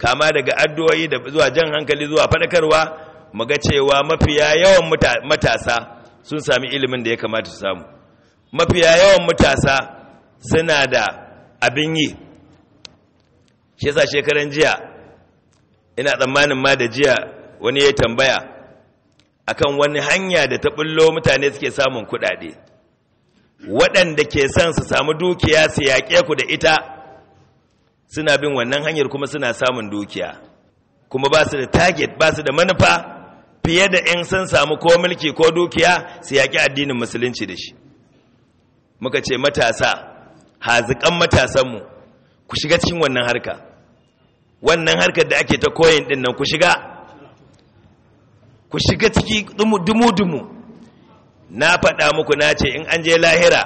kama daga addu'o'i da zuwa jan hankali zuwa faɗakarwa ga cewa mafiya yawan matasa sun sami ilimin da ya kamata su samu mafiya yawan matasa suna da abin yi shi sa shekaran jiya ina tsammanin ma da jiya wani ya tambaya akan wani hanya da ta bullo mutane suke samun kuɗaɗe waɗanda ke son su samu dukiya su yaƙe ku da ita suna bin wannan hanyar kuma suna samun dukiya kuma ba su da target ba su da manufa fiye da in sun samu ko mulki ko dukiya su yaƙi addinin musulunci da shi muka ce matasa haziƙan matasanmu ku shiga cikin wannan harka wannan harkar da ake ta koyin ɗin nan ku shiga ku shiga ciki dumu-dumu na faɗa muku na ce in an je lahira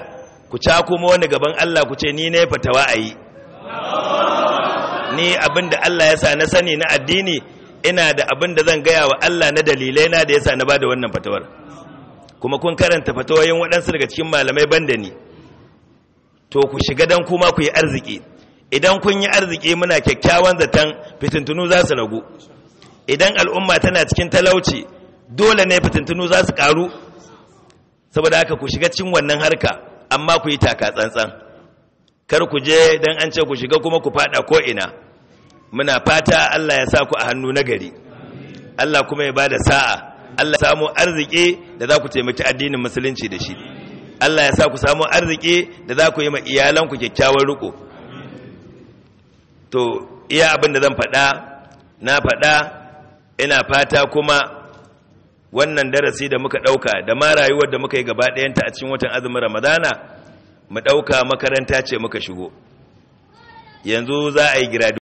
ku cakuma wani gaban Allah ku ce ni ne fatawa a ayi. ni abin da Allah ya sa na sani na addini ina da abin da zan gaya wa Allah na dalilai na da ya sa na bada wannan fatawar kuma kun karanta fatawoyin waɗansu daga cikin malamai banda ni to ku shiga dan kuma ku yi arziki idan kun yi arziki muna kyakkyawan zaton fitintunu za su ragu idan al'umma tana cikin talauci dole ne fitintunu za su karu saboda haka ku shiga cikin wannan harka amma ku yi taka tsantsan kar ku je dan an ce ku shiga kuma ku faɗa ko ina muna fata Allah ya sa ku a hannu nagari Allah kuma ya ba da sa'a Allah ya samu arziki da za ku taimaki addinin musulunci da shi Allah ya sa ku samu arziki da za ku yi ma iyalanku kyakkyawan riko to iya abin da zan faɗa na faɗa ina fata kuma wannan darasi da muka ɗauka da ma rayuwar da muka yi gaba ɗayanta a cikin watan azumin ramadana mu ɗauka makaranta ce muka shigo yanzu za a yi